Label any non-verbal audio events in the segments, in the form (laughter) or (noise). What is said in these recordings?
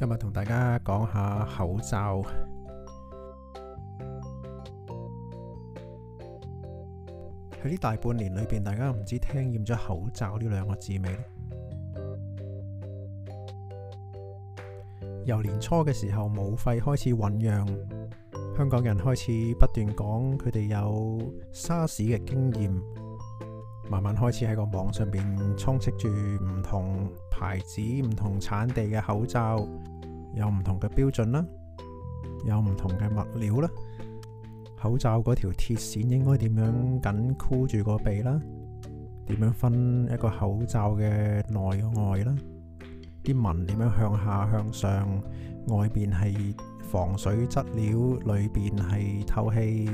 今日同大家講下口罩。喺呢大半年裏邊，大家唔知聽厭咗口罩呢兩個字未？由年初嘅時候，武肺開始醞釀，香港人開始不斷講佢哋有沙士嘅經驗，慢慢開始喺個網上面充斥住唔同牌子、唔同產地嘅口罩。有唔同嘅標準啦，有唔同嘅物料啦，口罩嗰條鐵線應該點樣緊箍住個鼻啦？點樣分一個口罩嘅內外啦？啲紋點樣向下向上？外邊係防水質料，裏邊係透氣。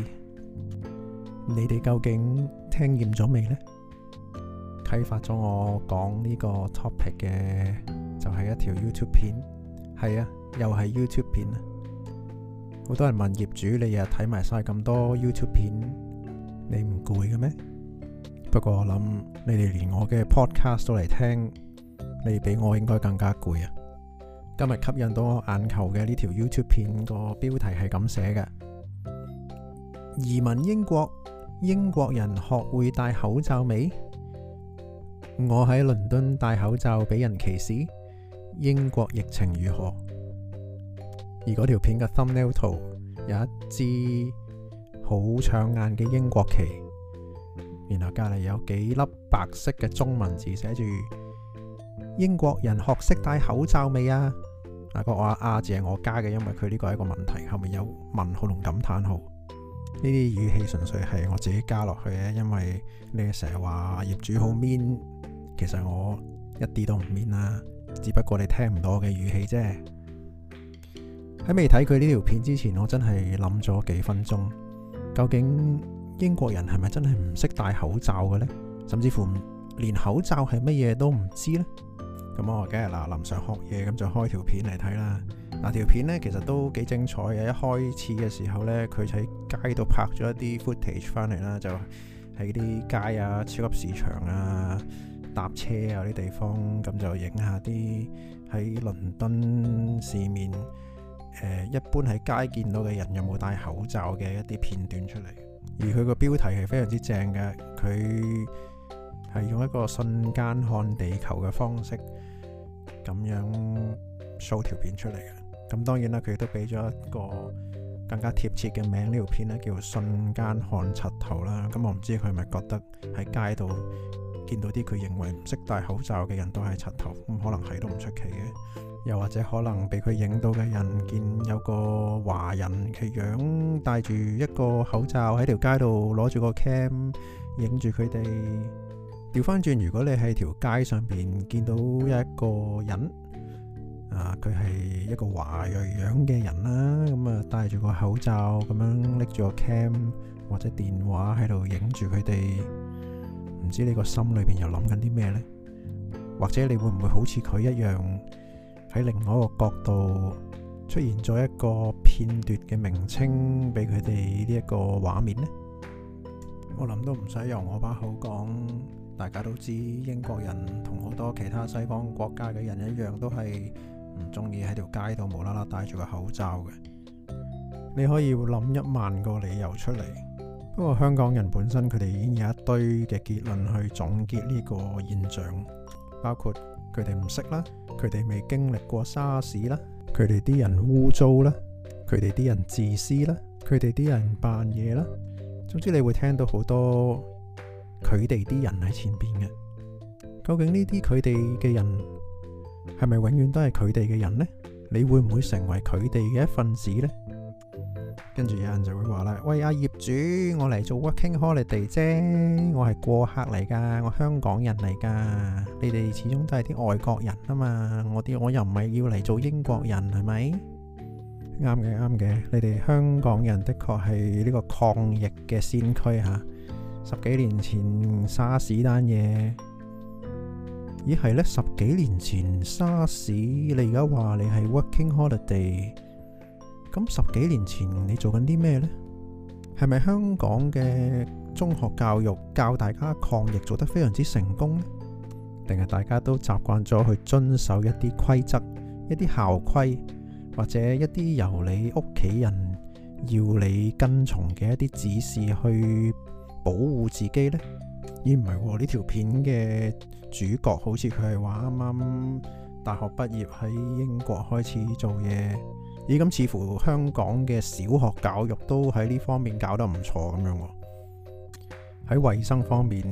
(laughs) 你哋究竟聽厭咗未呢？啟發咗我講呢個 topic 嘅就係一條 YouTube 片。係啊，又係 YouTube 片啊！好多人問業主，你日日睇埋晒咁多 YouTube 片，你唔攰嘅咩？不過我諗，你哋連我嘅 Podcast 都嚟聽，你比我應該更加攰啊！今日吸引到我眼球嘅呢條 YouTube 片個標題係咁寫嘅：移民英國，英國人學會戴口罩未？我喺倫敦戴口罩俾人歧視。英國疫情如何？而嗰條片嘅 thumbnail 圖有一支好搶眼嘅英國旗，然後隔籬有幾粒白色嘅中文字寫，寫住英國人學識戴口罩未啊？嗱個話呀字，係我加嘅，因為佢呢個係一個問題。後面有問號同感嘆號，呢啲語氣純粹係我自己加落去嘅，因為你成日話業主好 mean，其實我一啲都唔 mean 啦。只不過你聽唔到我嘅語氣啫。喺未睇佢呢條片之前，我真係諗咗幾分鐘，究竟英國人係咪真係唔識戴口罩嘅呢？甚至乎連口罩係乜嘢都唔知呢？咁我梗係嗱，臨上學嘢咁就開條片嚟睇啦。嗱，條片呢其實都幾精彩嘅。一開始嘅時候呢，佢喺街度拍咗一啲 footage 翻嚟啦，就話喺啲街啊、超級市場啊。搭車啊、啲地方咁就影下啲喺倫敦市面、呃、一般喺街見到嘅人有冇戴口罩嘅一啲片段出嚟。而佢個標題係非常之正嘅，佢係用一個瞬間看地球嘅方式咁樣掃條片出嚟嘅。咁當然啦，佢都俾咗一個更加貼切嘅名，呢條片呢，叫《瞬間看柒頭》啦。咁我唔知佢係咪覺得喺街度，見到啲佢認為唔識戴口罩嘅人都係柒頭，咁可能係都唔出奇嘅。又或者可能畀佢影到嘅人見有個華人嘅樣戴住一個口罩喺條街度攞住個 cam 影住佢哋。調翻轉，如果你喺條街上邊見到一個人，啊，佢係一個華裔樣嘅人啦，咁啊戴住個口罩咁樣拎住個 cam 或者電話喺度影住佢哋。唔知你個心裏邊又諗緊啲咩呢？或者你會唔會好似佢一樣喺另外一個角度出現咗一個片段嘅名稱俾佢哋呢一個畫面呢？我諗都唔使用由我把口講，大家都知英國人同好多其他西方國家嘅人一樣，都係唔中意喺條街度無啦啦戴住個口罩嘅。你可以諗一萬個理由出嚟。不過香港人本身佢哋已經有一堆嘅結論去總結呢個現象，包括佢哋唔識啦，佢哋未經歷過沙士啦，佢哋啲人污糟啦，佢哋啲人自私啦，佢哋啲人扮嘢啦，總之你會聽到好多佢哋啲人喺前邊嘅。究竟呢啲佢哋嘅人係咪永遠都係佢哋嘅人呢？你會唔會成為佢哋嘅一份子呢？跟住有人就會話啦，喂阿業主，我嚟做 working holiday 啫，我係過客嚟噶，我香港人嚟噶，你哋始終都係啲外國人啊嘛，我啲我又唔係要嚟做英國人係咪？啱嘅，啱嘅，你哋香港人的確係呢個抗疫嘅先驅吓，十幾年前沙士單嘢，咦係呢十幾年前沙士，你而家話你係 working holiday？咁十幾年前你做緊啲咩呢？係咪香港嘅中學教育教大家抗疫做得非常之成功呢？定係大家都習慣咗去遵守一啲規則、一啲校規，或者一啲由你屋企人要你跟從嘅一啲指示去保護自己呢？而唔係喎，呢條片嘅主角好似佢係話啱啱大學畢業喺英國開始做嘢。咦，咁似乎香港嘅小學教育都喺呢方面搞得唔錯咁樣。喺衛生方面，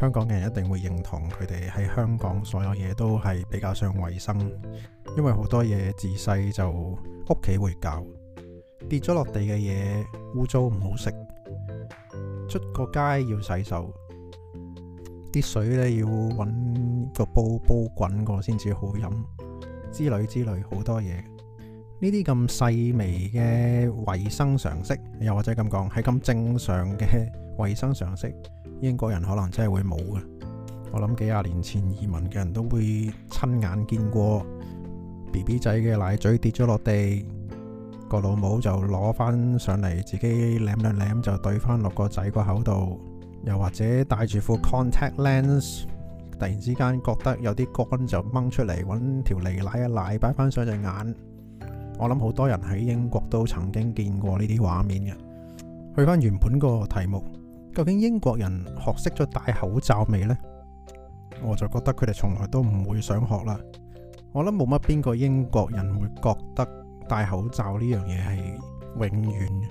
香港嘅人一定會認同佢哋喺香港所有嘢都係比較上衛生，因為好多嘢自細就屋企會教，跌咗落地嘅嘢污糟唔好食，出個街要洗手，啲水呢要搵個煲煲滾過先至好飲，之類之類好多嘢。呢啲咁細微嘅衞生常識，又或者咁講，係咁正常嘅衞生常識，英國人可能真係會冇嘅。我諗幾廿年前移民嘅人都會親眼見過 BB 仔嘅奶嘴跌咗落地，個老母就攞翻上嚟自己舐兩舐，就對翻落個仔個口度。又或者戴住副 contact lens，突然之間覺得有啲乾就掹出嚟揾條脷奶嘅奶擺翻上隻眼。我諗好多人喺英國都曾經見過呢啲畫面嘅。去翻原本個題目，究竟英國人學識咗戴口罩未呢？我就覺得佢哋從來都唔會想學啦。我諗冇乜邊個英國人會覺得戴口罩呢樣嘢係永遠。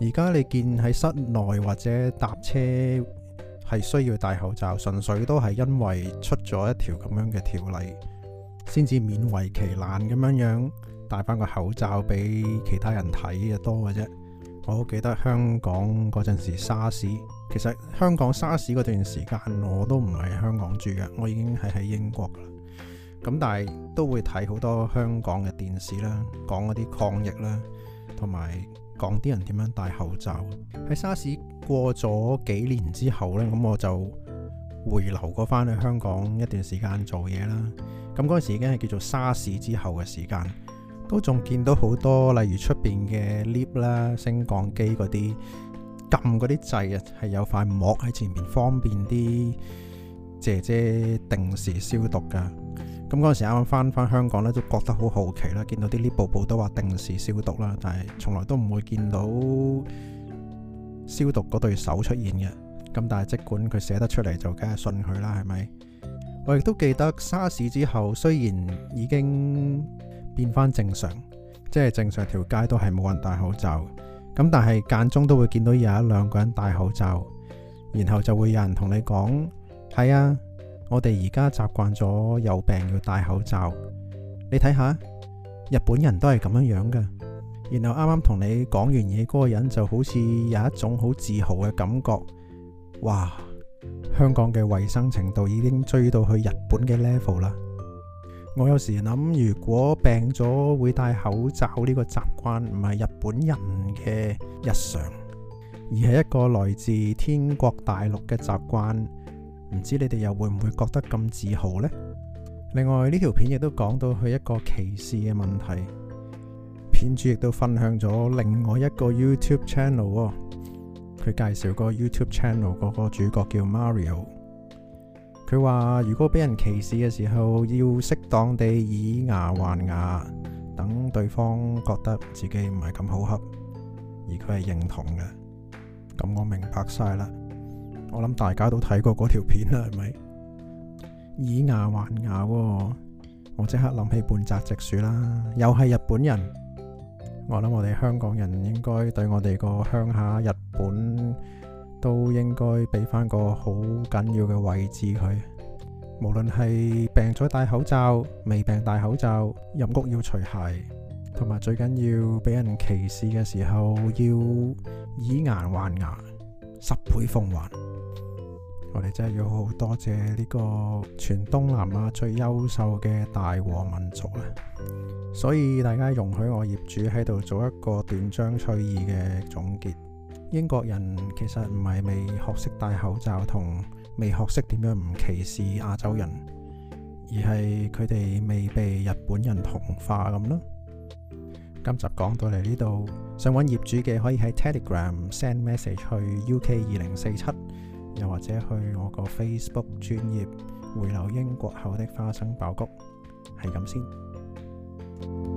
而家你見喺室內或者搭車係需要戴口罩，純粹都係因為出咗一條咁樣嘅條例，先至勉為其難咁樣樣。戴翻個口罩俾其他人睇嘅多嘅啫。我好記得香港嗰陣時沙士，其實香港沙士嗰段時間我都唔喺香港住嘅，我已經係喺英國啦。咁但係都會睇好多香港嘅電視啦，講嗰啲抗疫啦，同埋講啲人點樣戴口罩。喺沙士過咗幾年之後呢，咁我就回流過翻去香港一段時間做嘢啦。咁嗰陣時已經係叫做沙士之後嘅時間。都仲見到好多，例如出邊嘅 lift 啦、升降機嗰啲，撳嗰啲掣啊，係有塊膜喺前面，方便啲姐姐定時消毒噶。咁嗰陣時啱啱翻翻香港咧，都覺得好好奇啦，見到啲 lift 部部都話定時消毒啦，但係從來都唔會見到消毒嗰對手出現嘅。咁但係即管佢寫得出嚟，就梗係信佢啦，係咪？我亦都記得沙士之後，雖然已經，變翻正常，即係正常條街都係冇人戴口罩，咁但係間中都會見到有一兩個人戴口罩，然後就會有人同你講：係啊，我哋而家習慣咗有病要戴口罩。你睇下，日本人都係咁樣樣㗎。然後啱啱同你講完嘢嗰個人就好似有一種好自豪嘅感覺。哇！香港嘅衛生程度已經追到去日本嘅 level 啦。我有時諗，如果病咗會戴口罩呢個習慣，唔係日本人嘅日常，而係一個來自天國大陸嘅習慣，唔知你哋又會唔會覺得咁自豪呢？另外呢條片亦都講到佢一個歧視嘅問題，片主亦都分享咗另外一個 YouTube channel，佢、哦、介紹個 YouTube channel 嗰個主角叫 Mario。佢話如果俾人歧視嘅時候，要適當地以牙還牙，等對方覺得自己唔係咁好恰，而佢係認同嘅，咁我明白晒啦。我諗大家都睇過嗰條片啦，係咪？以牙還牙喎，哦，我即刻諗起半澤直樹啦，又係日本人。我諗我哋香港人應該對我哋個鄉下人。都應該俾翻個好緊要嘅位置佢，無論係病咗戴口罩，未病戴口罩，入屋要除鞋，同埋最緊要俾人歧視嘅時候，要以牙還牙，十倍奉還。我哋真係要好多謝呢個全東南亞最優秀嘅大和民族啦！所以大家容許我業主喺度做一個斷章取義嘅總結。英國人其實唔係未學識戴口罩同未學識點樣唔歧視亞洲人，而係佢哋未被日本人同化咁咯。今集講到嚟呢度，想搵業主嘅可以喺 Telegram send message 去 UK 二零四七，又或者去我個 Facebook 專頁回流英國後的花生爆谷，係咁先。